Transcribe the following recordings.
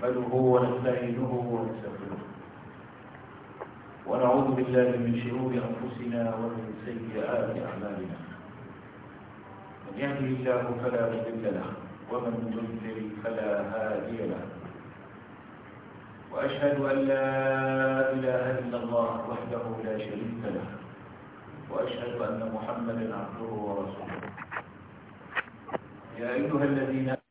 نحمده ونستعينه ونستغفره ونعوذ بالله من شرور انفسنا ومن سيئات اعمالنا من يهده الله فلا مضل له ومن يضلل فلا هادي له واشهد ان لا اله الا الله وحده لا شريك له واشهد ان محمدا عبده ورسوله يا ايها الذين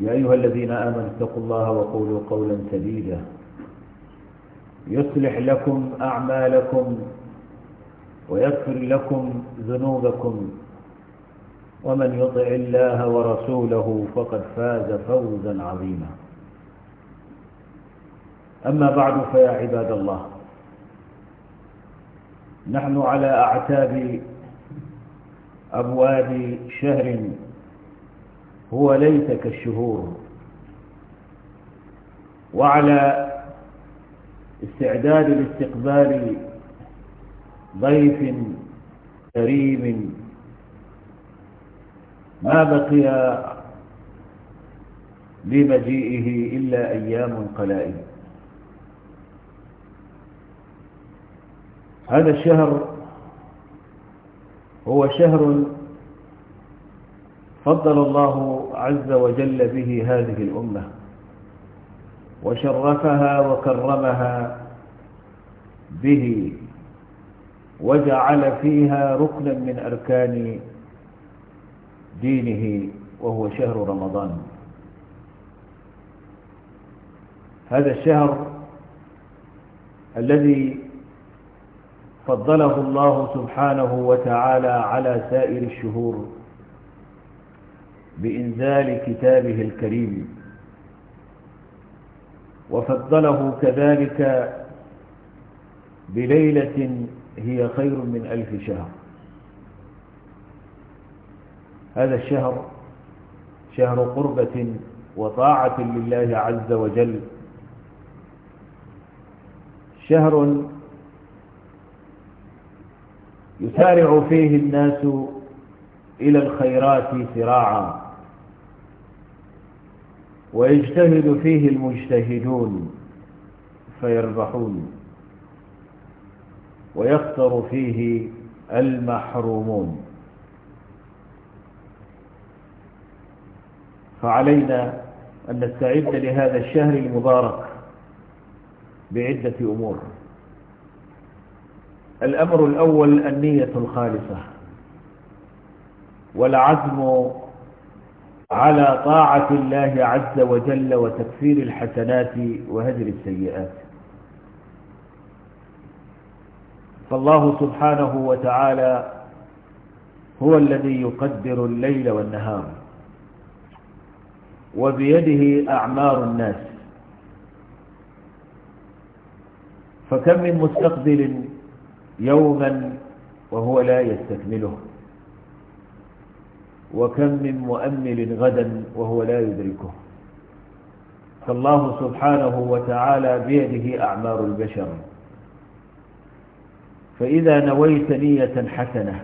يا أيها الذين آمنوا اتقوا الله وقولوا قولا سديدا يصلح لكم أعمالكم ويغفر لكم ذنوبكم ومن يطع الله ورسوله فقد فاز فوزا عظيما أما بعد فيا عباد الله نحن على أعتاب أبواب شهر هو ليس كالشهور وعلى استعداد لاستقبال ضيف كريم ما بقي لمجيئه إلا أيام قلائل هذا الشهر هو شهر فضل الله عز وجل به هذه الأمة وشرفها وكرمها به وجعل فيها ركنا من أركان دينه وهو شهر رمضان هذا الشهر الذي فضله الله سبحانه وتعالى على سائر الشهور بإنزال كتابه الكريم وفضله كذلك بليلة هي خير من ألف شهر هذا الشهر شهر قربة وطاعة لله عز وجل شهر يسارع فيه الناس إلى الخيرات سراعا ويجتهد فيه المجتهدون فيربحون ويخسر فيه المحرومون فعلينا أن نستعد لهذا الشهر المبارك بعدة أمور الأمر الأول النية الخالصة والعزم على طاعة الله عز وجل وتكفير الحسنات وهجر السيئات فالله سبحانه وتعالى هو الذي يقدر الليل والنهار وبيده أعمار الناس فكم من مستقبل يوما وهو لا يستكمله وكم من مؤمل غدا وهو لا يدركه فالله سبحانه وتعالى بيده أعمار البشر فإذا نويت نية حسنة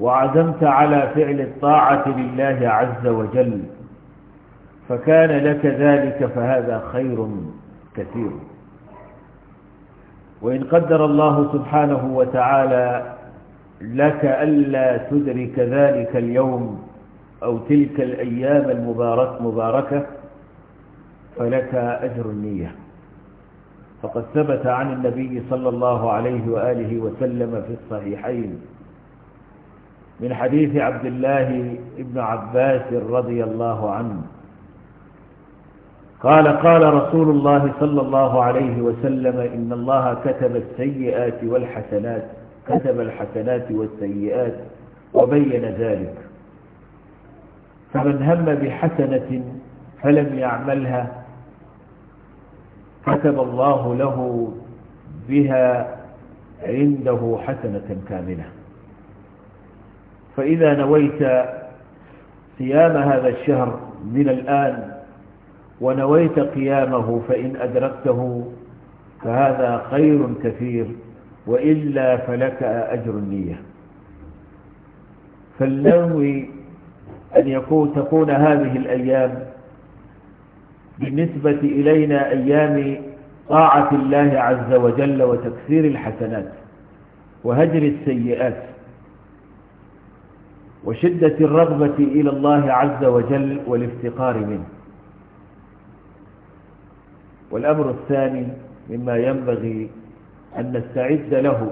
وعزمت على فعل الطاعة لله عز وجل فكان لك ذلك فهذا خير كثير وإن قدر الله سبحانه وتعالى لك ألا تدرك ذلك اليوم أو تلك الأيام المبارك مباركة فلك أجر النية فقد ثبت عن النبي صلى الله عليه وآله وسلم في الصحيحين من حديث عبد الله بن عباس رضي الله عنه قال قال رسول الله صلى الله عليه وسلم إن الله كتب السيئات والحسنات كتب الحسنات والسيئات وبين ذلك فمن هم بحسنة فلم يعملها كتب الله له بها عنده حسنة كاملة فإذا نويت صيام هذا الشهر من الآن ونويت قيامه فإن أدركته فهذا خير كثير وإلا فلك أجر النية فلنوي أن يكون تكون هذه الأيام بالنسبة إلينا أيام طاعة الله عز وجل وتكسير الحسنات وهجر السيئات وشدة الرغبة إلى الله عز وجل والافتقار منه والأمر الثاني مما ينبغي أن نستعد له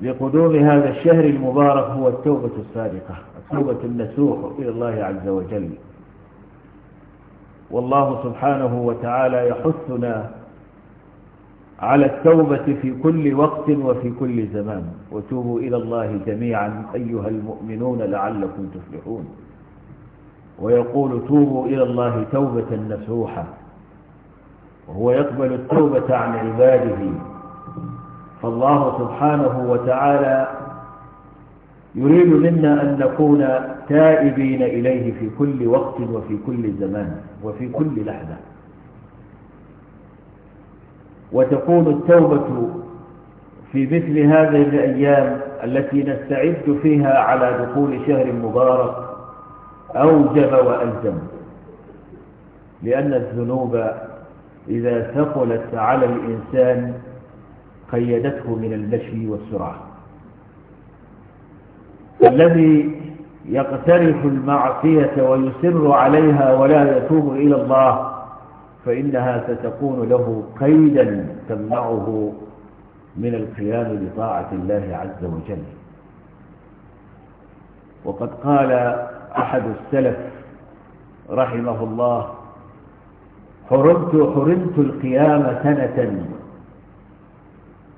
لقدوم هذا الشهر المبارك هو التوبة الصادقة التوبة النسوح إلى الله عز وجل والله سبحانه وتعالى يحثنا على التوبة في كل وقت وفي كل زمان وتوبوا إلى الله جميعا أيها المؤمنون لعلكم تفلحون ويقول توبوا إلى الله توبة نسوحة وهو يقبل التوبة عن عباده فالله سبحانه وتعالى يريد منا أن نكون تائبين إليه في كل وقت وفي كل زمان وفي كل لحظة وتكون التوبة في مثل هذه الأيام التي نستعد فيها على دخول شهر مبارك أوجب وألزم لأن الذنوب إذا ثقلت على الإنسان قيدته من المشي والسرعة الذي يقترف المعصية ويسر عليها ولا يتوب إلى الله فإنها ستكون له قيدا تمنعه من القيام بطاعة الله عز وجل وقد قال أحد السلف رحمه الله حرمت حرمت القيام سنة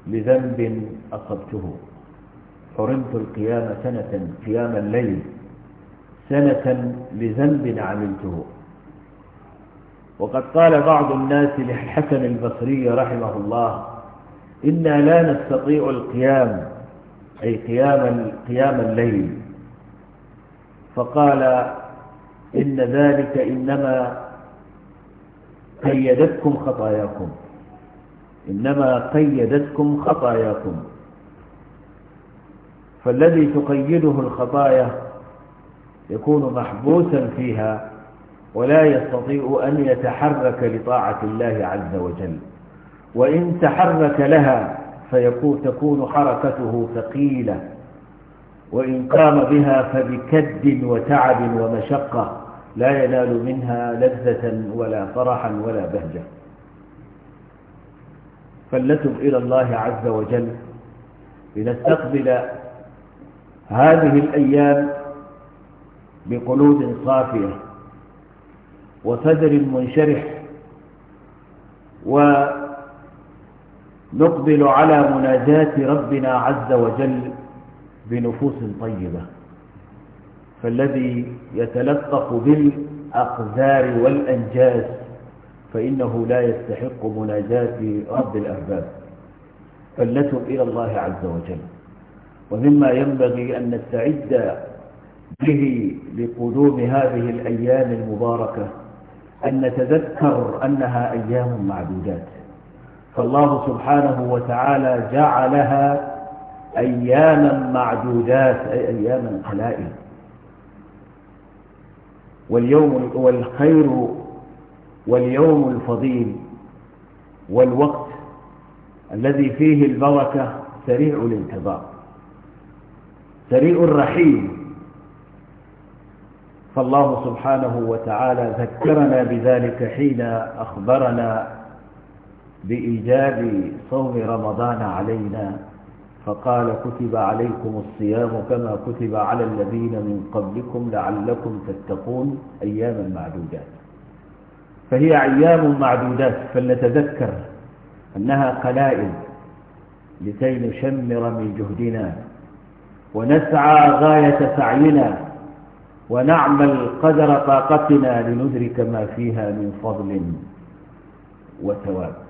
لذنب أصبته حرمت القيام سنة قيام الليل سنة لذنب عملته وقد قال بعض الناس للحسن البصري رحمه الله إنا لا نستطيع القيام أي قيام, قيام الليل فقال إن ذلك إنما قيدتكم خطاياكم إنما قيدتكم خطاياكم فالذي تقيده الخطايا يكون محبوسا فيها ولا يستطيع أن يتحرك لطاعة الله عز وجل وإن تحرك لها فيكون تكون حركته ثقيلة وإن قام بها فبكد وتعب ومشقة لا ينال منها لذة ولا فرحا ولا بهجة فلنتب إلى الله عز وجل لنستقبل هذه الأيام بقلوب صافية وصدر منشرح ونقبل على مناجاة ربنا عز وجل بنفوس طيبة فالذي يتلطف بالأقذار والأنجاز فإنه لا يستحق مناجاة رب الأرباب فلتب إلى الله عز وجل ومما ينبغي أن نستعد به لقدوم هذه الأيام المباركة أن نتذكر أنها أيام معدودات فالله سبحانه وتعالى جعلها أياما معدودات أي أياما قلائل واليوم والخير واليوم الفضيل والوقت الذي فيه البركة سريع الانتظار سريع الرحيم فالله سبحانه وتعالى ذكرنا بذلك حين أخبرنا بإيجاب صوم رمضان علينا فقال كتب عليكم الصيام كما كتب على الذين من قبلكم لعلكم تتقون أياما معدودات فهي أيام معدودات فلنتذكر أنها قلائل لكي نشمر من جهدنا ونسعى غاية سعينا ونعمل قدر طاقتنا لندرك ما فيها من فضل وثواب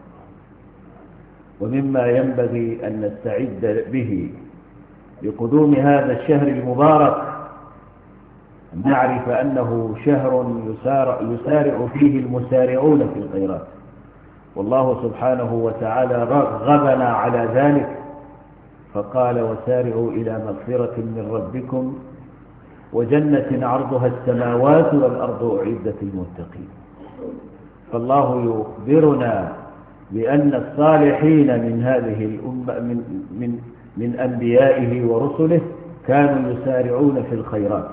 ومما ينبغي أن نستعد به لقدوم هذا الشهر المبارك أن نعرف أنه شهر يسارع, يسارع فيه المسارعون في الخيرات والله سبحانه وتعالى رغبنا على ذلك فقال وسارعوا إلى مغفرة من ربكم وجنة عرضها السماوات والأرض أعدت المتقين فالله يخبرنا لأن الصالحين من هذه الأمة من, من, من أنبيائه ورسله كانوا يسارعون في الخيرات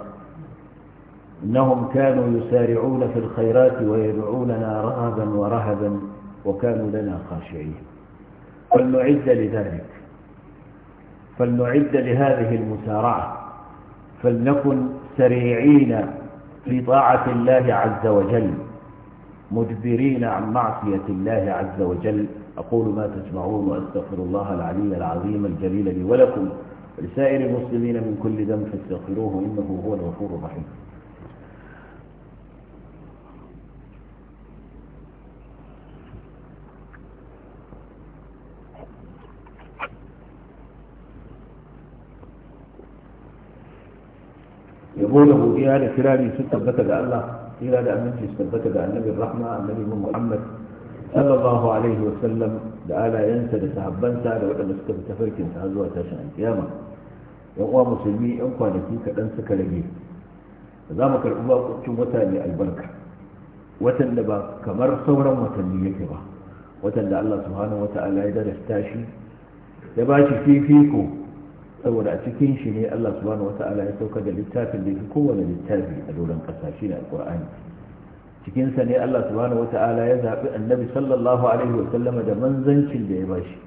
إنهم كانوا يسارعون في الخيرات ويدعوننا رهبا ورهبا وكانوا لنا خاشعين فلنعد لذلك فلنعد لهذه المسارعة فلنكن سريعين في طاعة الله عز وجل مجبرين عن معصية الله عز وجل أقول ما تسمعون وأستغفر الله العلي العظيم الجليل لي ولكم ولسائر المسلمين من كل ذنب فاستغفروه إنه هو الغفور الرحيم يقول ابو godiya da ستة sun tabbata tsira da aminci su tabbata ga annabin rahma annabi muhammad sallallahu alaihi wa sallam da alayensa da sahabbansa da waɗanda suka fi tafarkin sa zuwa tashin alkiyama yan uwa musulmi yan kwanaki kaɗan suka rage za mu karɓi bakuncin wata ne albarka watan da ba kamar sauran watanni yake ba watan da Allah subhanahu ta'ala ya darasta shi ya ba shi fifiko saboda a cikin shi ne Allah subhanahu ya sauka da littafin da kowane littafi a doron ƙasa shi ne alƙur'ani Cikinsa ne Allah subhanahu ya zaɓi annabi sallallahu alaihi wa da manzancin da ya shi,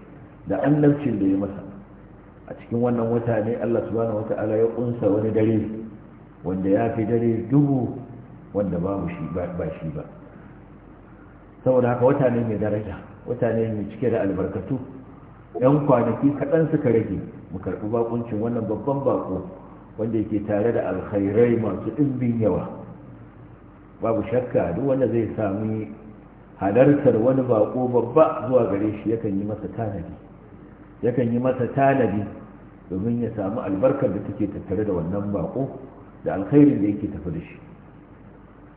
da annabcin da ya masa a cikin wannan wata ne Allah subhanahu ya ƙunsa wani dare wanda ya fi dare dubu wanda babu shi ba shi ba saboda haka wata ne mai daraja wata ne mai cike da albarkatu yan kwanaki kaɗan suka rage mu karɓi bakuncin wannan babban bako wanda yake tare da alkhairai masu ɗimbin yawa babu shakka duk wanda zai sami halartar wani bako babba zuwa gare shi yakan yi masa tanadi yakan yi masa tanadi domin ya samu albarkar da take tattare da wannan bako da alkhairin da yake tafi da shi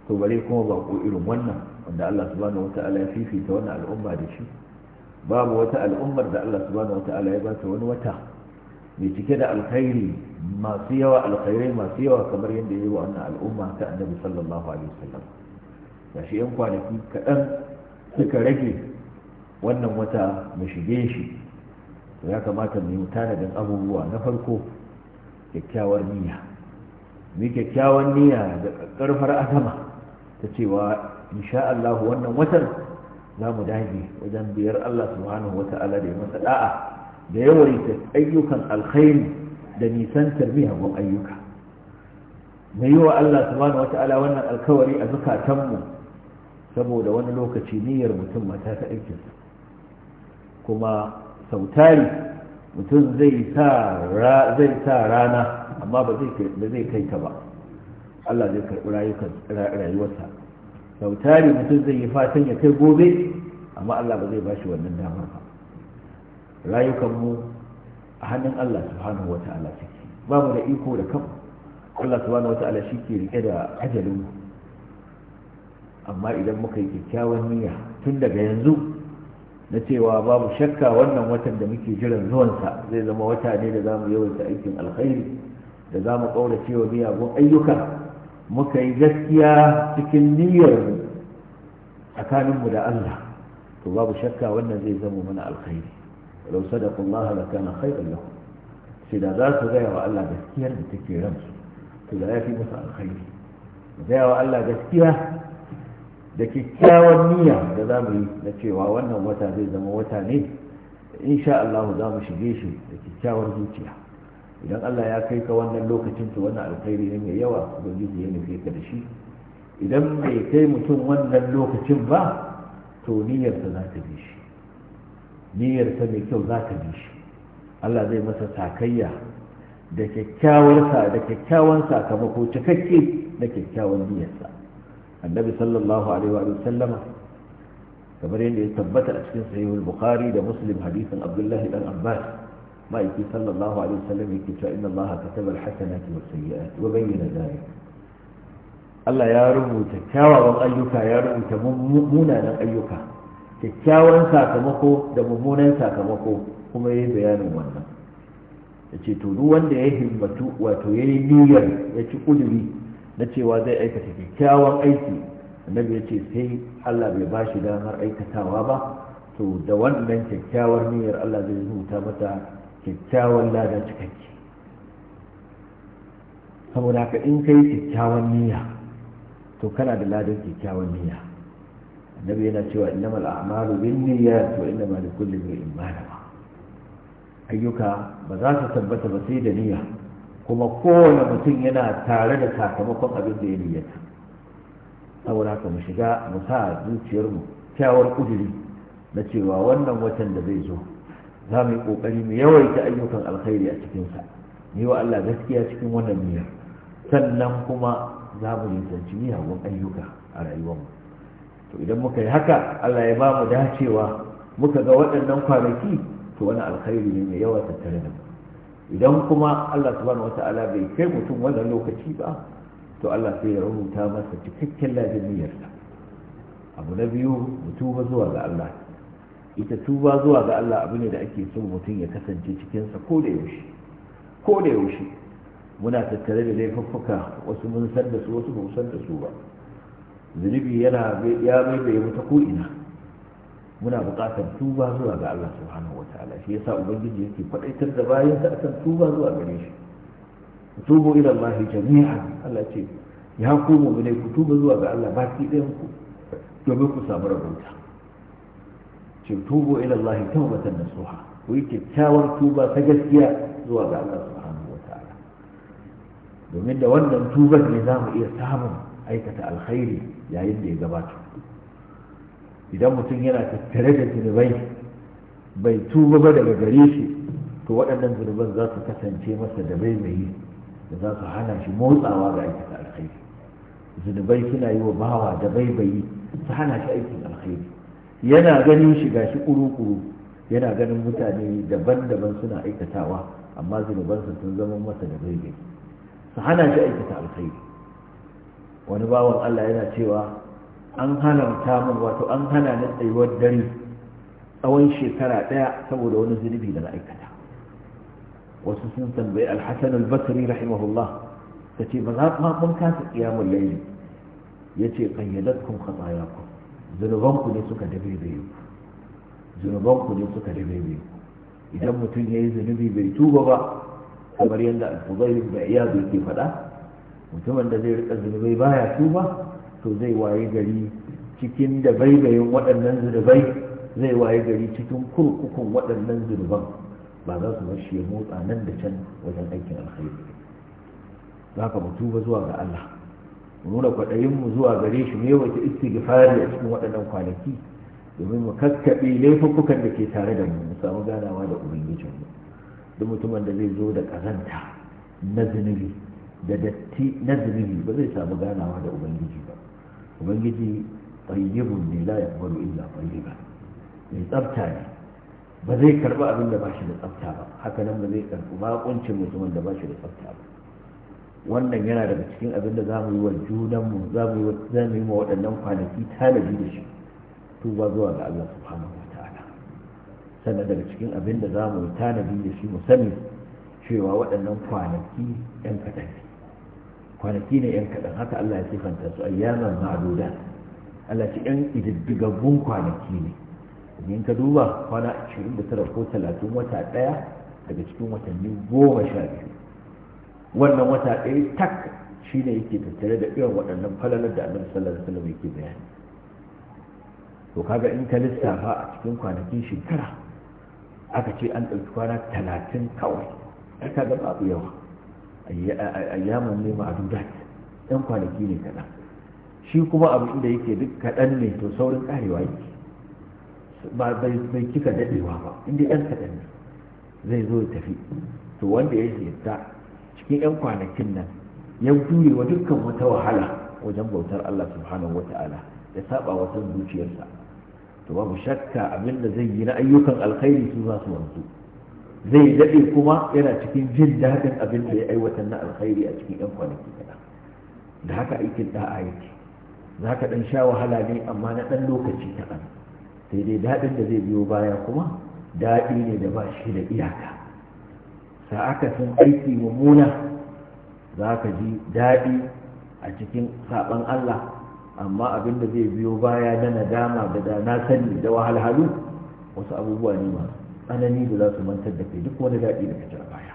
to bare kuma bako irin wannan wanda Allah subhanahu wataala ya fifita wannan al'umma da shi babu wata al'ummar da Allah subhanahu wata'ala ya bata wani wata mai cike da alkhairi masu yawa alkhairai masu yawa kamar yadda ya yi wa al'umma ta annabi sallallahu alaihi wasallam ga shi yan kwanaki kaɗan suka rage wannan wata mu shige shi ya kamata mu yi tanadin abubuwa na farko kyakkyawar niyya mai kyakkyawar niyya da ƙarfar azama ta cewa insha Allah wannan watan za mu dage wajen biyar Allah subhanahu wata'ala da ya masa da'a da yawaita ayyukan alkhairi da nisan tarbiyyar ayyuka mai yi wa Allah subhanahu wata'ala wannan alkawari a zukatanmu saboda wani lokaci niyyar mutum mata ta aikinsa kuma sautari mutum zai sa rana amma ba zai kai ta ba Allah zai karɓi rayuwarsa sau tari mutum zai yi fatan ya kai gobe amma Allah ba zai ba shi wannan damar ba rayukanmu a hannun Allah subhanahu wa ta'ala suke ba mu da iko da kanmu Allah subhanahu wa ta'ala shi ke rike da ajalin mu amma idan muka yi kyakkyawan niyya tun daga yanzu na cewa babu shakka wannan watan da muke jiran zuwansa zai zama wata ne da za mu yawaita aikin alkhairi da za mu ƙaura cewa miyagun ayyuka muka yi gaskiya cikin niyyar tsakaninmu da Allah to babu shakka wannan zai zama mana alkhairi walau da Allah la kana khairan lahum sai da za su gaya wa Allah gaskiyar da take ransu to da ya fi musu alkhairi gaya wa Allah gaskiya da kyakkyawar niyya da za mu yi na cewa wannan wata zai zama wata ne insha Allah za mu shige shi da kyakkyawar zuciya idan Allah ya kai ka wannan lokacin to wannan alkhairi ne mai yawa ubangiji ya nufe ka da shi idan bai kai mutum wannan lokacin ba to niyyarsa za ta bi shi niyyarsa mai kyau za ta bi shi Allah zai masa takayya da kyakkyawar da kyakkyawan sakamako cikakke da kyakkyawan niyyarsa annabi sallallahu alaihi wa sallama kamar yadda ya tabbata a cikin sahihul bukhari da muslim hadisin abdullahi dan abbas ma'aiki sallallahu alaihi wasallam yake cewa inna Allah kataba alhasanati was sayyi'ati wa bayyana dhalik Allah ya rubuta kyawawan ayyuka ya rubuta munanan ayyuka kyakkyawan sakamako da mummunan sakamako kuma yayi bayanin wannan yace to duk wanda ya himmatu wato yayi niyyar ya ci kuduri na cewa zai aikata kyakkyawan aiki annabi yace sai Allah bai bashi damar aikatawa ba to da wannan kyakkyawar niyyar Allah zai rubuta mata kyakkyawan lada cikakke saboda haka in kai kyakkyawan niyya to kana da ladan kyakkyawan niyya annabi yana cewa innamal a'malu niyyat wa innamal likulli imrin ma nawa ayyuka ba za su tabbata ba sai da niyya kuma kowane mutum yana tare da sakamakon abin da ya niyyata saboda haka mu shiga mu sa zuciyarmu kyawar kuduri na cewa wannan watan da zai zo za mu yi ƙoƙari mu yawaita ayyukan alkhairi a cikinsa yi wa Allah gaskiya cikin wannan miyar, sannan kuma za mu nisanci miyagun ayyuka a rayuwarmu to idan muka yi haka Allah ya ba mu dacewa muka ga waɗannan kwanaki to wani alkhairi ne mai yawa tattare da mu idan kuma Allah subhanahu wata'ala bai kai mutum wannan lokaci ba to Allah sai ya rubuta masa cikakken lafiyar abu na biyu mutuba zuwa ga Allah ita tuba zuwa ga Allah abu ne da ake so mutum ya kasance cikinsa ko da yaushe ko da yaushe muna tattare da laifuffuka wasu mun san da su wasu ba san da su ba zunubi yana ya maimaye mu ta ko'ina muna buƙatar tuba zuwa ga Allah subhanahu wataala shi yasa ubangiji yake faɗaitar da bayan sa akan tuba zuwa gare shi tubo ila Allah jami'an Allah ce ya ku mu ne ku tuba zuwa ga Allah baki ɗayan ku domin ku samu rabauta tubo ilallahi ta Allah tawbatan nasuha ku yi kyakkyawar tuba ta gaskiya zuwa ga Allah subhanahu wa ta'ala domin da wannan tubar ne za mu iya samun aikata alkhairi yayin da ya gabata idan mutum yana tattare da zunubai bai tuba ba daga gare shi to waɗannan zunuban za su kasance masa da bai mai da za su hana shi motsawa ga aikata alkhairi zunubai suna yi wa bawa da bai bai su hana shi aikin alkhairi yana ganin shiga shi kuru-kuru yana ganin mutane daban-daban suna aikatawa amma zunubansa sun zama masa da bai su hana shi aikata alkhairi wani bawan Allah yana cewa an halarta min wato an hana ni tsayuwar dare tsawon shekara ɗaya saboda wani zunubi da na aikata wasu sun tambayi alhassan albasri rahimahullah ta ce ba za ma mun kasa kiyamul layli ya ce ya khatayakum zunubanku ne suka dabaibaye zunubanku ne suka idan mutum ya yi zunubi bai tuba ba kamar yadda alfubai da bai ke faɗa mutumin da zai rika zunubai baya tuba to zai waye gari cikin da baibayin waɗannan zunubai zai waye gari cikin kurkukun waɗannan zunuban ba za su bar shi ya motsa nan da can wajen aikin alkhairi za ka mutu ba zuwa ga Allah nuna kwaɗayinmu zuwa gare shi ne wata istighfari a cikin waɗannan kwanaki domin mu kakkaɓe laifukukan da ke tare da mu mu samu ganawa da mu duk mutumin da zai zo da ƙazanta na zunubi da datti na zunubi ba zai samu ganawa da ubangiji ba ubangiji tayyibun ne la yaqbalu illa tayyiba mai tsafta ne ba zai karɓi abin da ba shi da tsafta ba haka nan ba zai karɓi baƙuncin mutumin da ba shi da tsafta ba wannan yana daga cikin abin da za mu yi wa junanmu za mu yi wa waɗannan kwanaki tanadi da shi tuba zuwa ga Allah subhanahu wa ta'ala sannan daga cikin abin da za mu yi tanadi da shi mu sani cewa waɗannan kwanaki yan kaɗan kwanaki ne yan kaɗan haka Allah ya sifanta su ayyaman ma'aduda Allah ce yan ididdigaggun kwanaki ne in ka duba kwana 29 ko 30 wata ɗaya daga cikin watanni goma sha biyu wannan wata ɗaya tak shi ne yake tattare da irin waɗannan falalar da annabi sallallahu alaihi wasallam yake bayani to kaga in ka lissafa a cikin kwanakin shekara aka ce an ɗauki kwana talatin kawai ai kaga babu yawa ayyaman ne ma'adudat ɗan kwanaki ne kaɗan shi kuma abu inda yake duk kaɗan ne to saurin ƙarewa yake ba bai kika daɗewa ba inda ɗan kaɗan ne zai zo ya tafi to wanda ya yadda cikin 'yan kwanakin nan ya jure wa dukkan wata wahala wajen bautar Allah subhanahu wata'ala ya saba wa zuciyarsa to babu shakka abin da zai yi na ayyukan alkhairi su za su wanzu zai daɗe kuma yana cikin jin daɗin abin da ya aiwatar na alkhairi a cikin 'yan kwanaki kaɗan da haka aikin da'a yake za ka ɗan sha wahala ne amma na ɗan lokaci kaɗan sai dai daɗin da zai biyo baya kuma daɗi ne da ba shi da iyaka ta san aiki mummuna za ka ji daɗi a cikin saɓan Allah amma abin da zai biyo baya na nadama da da na sani da wahalhalu wasu abubuwa ne ma tsanani da za su mantar da kai duk wani daɗi da ka baya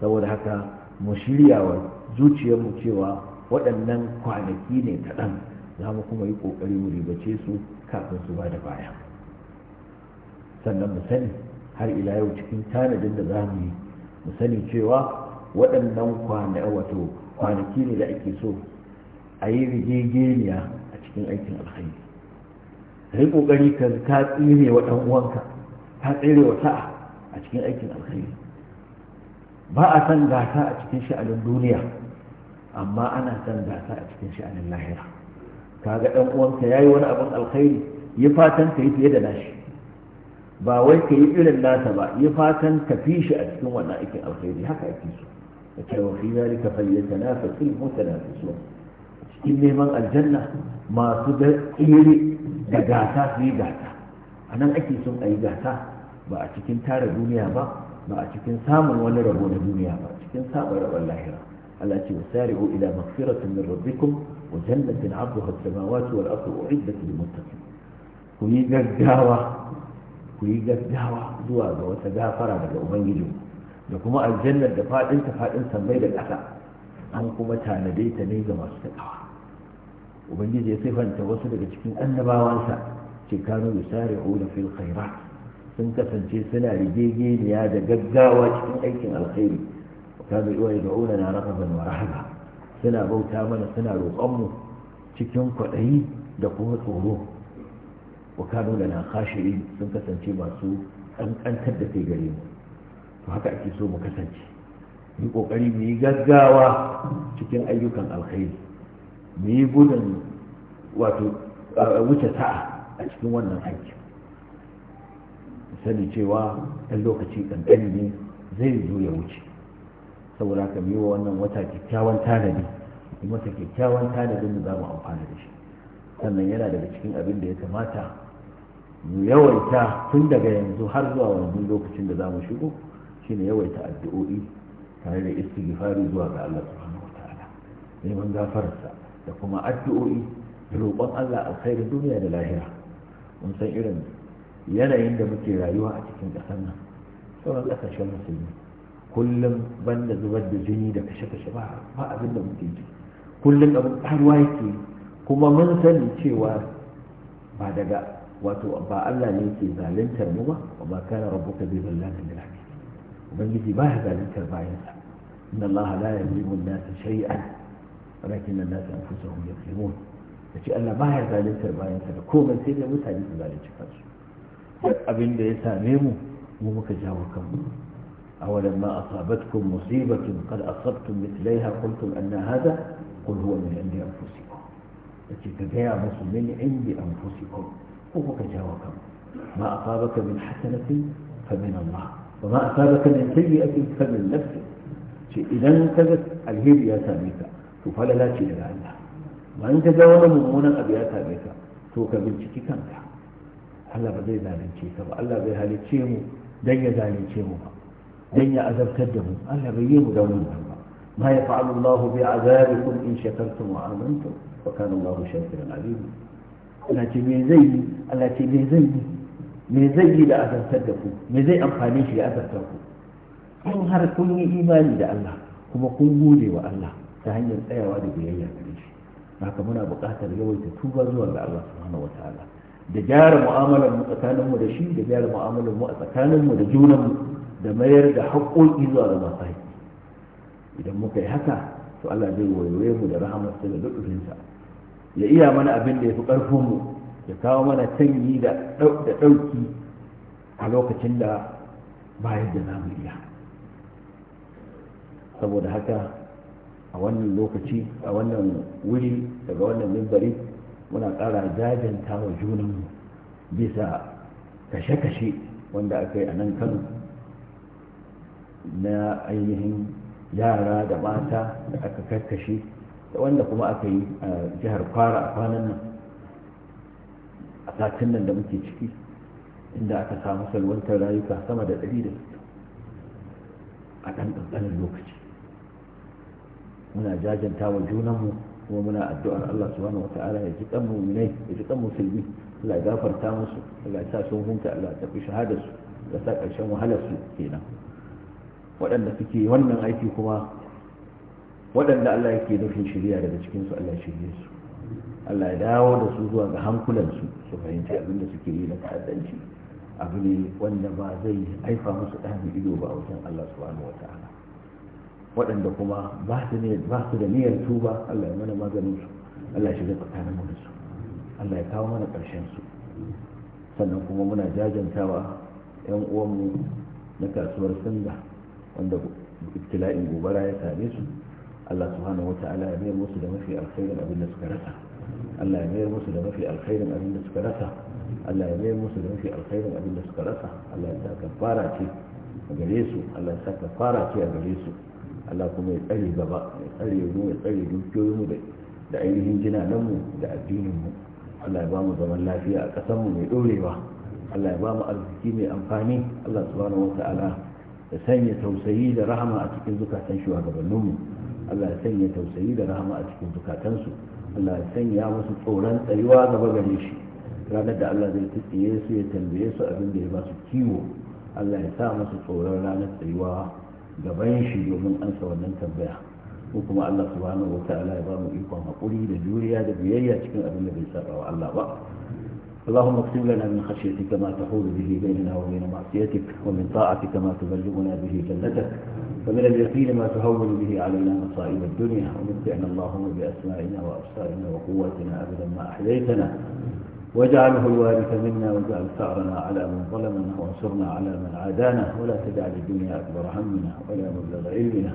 saboda haka mu shirya wa zuciyarmu cewa waɗannan kwanaki ne kaɗan za mu kuma yi ƙoƙari mu ribace su kafin su ba da baya sannan mu sani har ila yau cikin tanadin da za mu yi mu sani cewa waɗannan wato kwanaki ne da ake so a yi rigegeniya a cikin aikin alkhairi ka yi ƙoƙari ka ka tsire wa ɗan uwanka ka tsire wa sa'a a cikin aikin alkhairi ba a san gasa a cikin sha'anin duniya amma ana san gasa a cikin sha'anin lahira Ka ga ɗan'uwanka uwanka yi wani abin alkhairi ya fatan ka yi fiye da nashi ba wai ka yi irin nasa ba yi fatan ka fi shi a cikin wannan aikin alkhairi haka ake so da cewa fi zalika falyatanafasul so cikin neman aljanna masu da da gata su yi gata a nan ake son a yi gata ba a cikin tara duniya ba ba a cikin samun wani rabo na duniya ba cikin samun rabon lahira Allah ce wasari'u ila magfiratin min rabbikum wa jannatin 'arduha samawati wal ardu u'iddat lil muttaqin ku yi gaggawa ku yi gaggawa zuwa ga wata gafara daga ubangiji da kuma aljannar da faɗin ta faɗin sammai da ƙasa an kuma tanade ta ne ga masu takawa ubangiji ya sifanta wasu daga cikin annabawansa ce kanu yusari'u da fil khairat sun kasance suna rigegeniya da gaggawa cikin aikin alkhairi kanu iwa yad'una na raqaban wa rahaba suna bauta mana suna roƙonmu mu cikin kwaɗayi da kuma tsoro wa da na khashirin sun kasance masu kankantar da kai gare mu to haka ake so mu kasance yi kokari mu yi gaggawa cikin ayyukan alkhairi mu yi gudun wato wuce sa'a a cikin wannan aiki sani cewa ɗan lokaci ƙanƙani ne zai zo ya wuce saboda haka mu yi wa wannan wata kyakkyawan tanadi mu mata kyakkyawan tanadin da za mu amfana da shi sannan yana daga cikin abin da ya kamata mu yawaita tun daga yanzu har zuwa wannan lokacin da za mu shigo shine yawaita addu'o'i tare da istighfari zuwa ga Allah subhanahu wataala neman gafararsa da kuma addu'o'i da roƙon Allah Kairin duniya da lahira mun san irin yanayin da muke rayuwa a cikin ƙasar nan sauran ƙasashen musulmi kullum banda zubar da jini da kashe-kashe ba abin da muke ji kullum abin ƙaruwa yake kuma mun sani cewa ba daga wato ba Allah ne ke zaluntar mu ba ba kana rabbuka bi zallamin lil abid ubangiji ba ya zaluntar bayansa inna Allah la yuzlimu an-nasa shay'an walakin an-nasa anfusahum yuzlimun kace Allah ba ya zaluntar bayansa da komai sai da mutane su zalunci kansu duk abin da ya same mu mu muka jawo kanmu أولما أصابتكم مصيبة قد أصبتم مثليها قلتم أن هذا قل هو من عند أنفسكم التي تدعي مسلمين عند أنفسكم أفق جواكم ما أصابك من حسنة فمن الله وما أصابك من سيئة فمن نفسك إذا انتبت الهيب يا ساميكا فلا لا شيء لا الله وأن تجاوز ممونا أبي يا ساميكا توك بلتك كامتا الله بدي ذالي تشيكا الله بيها لتشيمو دي ذالي تشيمو دي أذر تدهو الله بيهم دون الله ما يفعل الله بعذابكم إن شكرتم وآمنتم وكان الله شاكرا عليما Allah ce zai yi ce me zai yi me zai yi da azartar da ku me zai amfani shi da azartar ku in har kun yi imani da Allah kuma kun gode wa Allah ta hanyar tsayawa da biyayya gare shi haka muna buƙatar yawaita tuba zuwa ga Allah subhanahu wataala da gyara mu'amalar mu tsakanin mu da shi da gyara mu'amalar mu a tsakanin mu da junan mu da mayar da haƙƙoƙi zuwa ga masu idan muka yi haka to Allah zai wayoye mu da rahamarsa da lutufinsa ya iya mana abin da ya fi ƙarfinmu ya kawo mana canyi da ɗauki a lokacin da bayan da zamu iya saboda haka a wannan lokaci a wannan wuri daga wannan mimbari muna ƙara jajanta wa junanmu bisa kashe-kashe wanda aka yi a nan kano na ainihin yara da mata da aka karkashe wanda kuma aka yi a jihar kwara a kwanan nan a satin nan da muke ciki inda aka samu salwantar rayuka sama da 160 a ɗan ƙanƙanin lokaci muna jajanta wa junanmu kuma muna addu'ar Allah subhanahu wata'ala ya ji mu'minai ya ji ɗan musulmi Allah ya gafarta musu Allah ya sa sun hunta Allah ya tafi shahada su da sa ƙarshen wahalar su kenan waɗanda suke wannan aiki kuma waɗanda Allah yake nufin shirya daga cikinsu, su Allah shirye su Allah ya dawo da su zuwa ga hankulansu su su fahimci abin da suke yi na ta'addanci abu ne wanda ba zai haifa musu ɗan ido ba a wajen Allah subhanahu ta'ala waɗanda kuma ba su da niyyar tuba Allah ya mana maganin su Allah ya shiga tsakanin mu da su Allah ya kawo mana ƙarshen su sannan kuma muna jajantawa 'yan uwanmu na kasuwar sanda wanda ibtila'in gobara ya same su Allah subhanahu wata'ala ya mayar musu da mafi alkhairin abin da suka rasa Allah ya mayar musu da mafi alkhairin abin da suka rasa Allah ya mayar musu da mafi alkhairin abin da suka rasa Allah ya saka fara ce a gare su Allah ya saka fara ce a gare su Allah kuma ya tsare gaba ya tsare mu ya tsare dukiyoyinmu da da ainihin jinananmu da addininmu Allah ya ba mu zaman lafiya a mu mai ɗorewa Allah ya ba mu arziki mai amfani Allah subhanahu wata'ala ya sanya tausayi da rahama a cikin zukatan shugabanninmu Allah ya sanya tausayi da rahama a cikin zukatansu Allah ya sanya musu tsoron tsayuwa gaba gare shi ranar da Allah zai tsaye su ya tambaye su abin da ya ba su kiwo Allah ya sa musu tsoron ranar tsayuwa gaban shi domin ansa wannan tambaya ko kuma Allah subhanahu wa ta'ala ya ba mu ikon haƙuri da juriya da biyayya cikin abin da bai saba wa Allah ba اللهم اكتب لنا من خشيتك ما تحول به بيننا وبين معصيتك ومن طاعتك ما تبلغنا به جنتك ومن اليقين ما تهون به علينا مصائب الدنيا ومتعنا اللهم بأسمائنا وأبصارنا وقوتنا أبدا ما أحييتنا واجعله الوارث منا واجعل ثأرنا على من ظلمنا وانصرنا على من عادانا ولا تجعل الدنيا أكبر همنا ولا مبلغ علمنا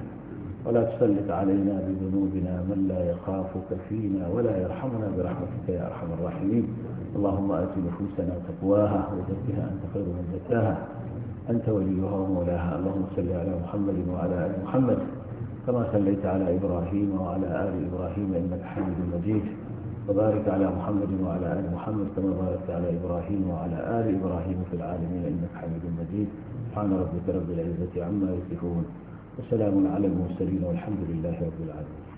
ولا تسلط علينا بذنوبنا من لا يخافك فينا ولا يرحمنا برحمتك يا أرحم الراحمين اللهم آت نفوسنا تقواها وزكها أنت خير من زكاها أنت وليها ومولاها اللهم صل على محمد وعلى آل محمد كما صليت على إبراهيم وعلى آل إبراهيم إنك حميد مجيد وبارك على محمد وعلى آل محمد كما باركت على إبراهيم وعلى آل إبراهيم في العالمين إنك حميد مجيد سبحان ربك رب العزة عما يصفون وسلام على المرسلين والحمد لله رب العالمين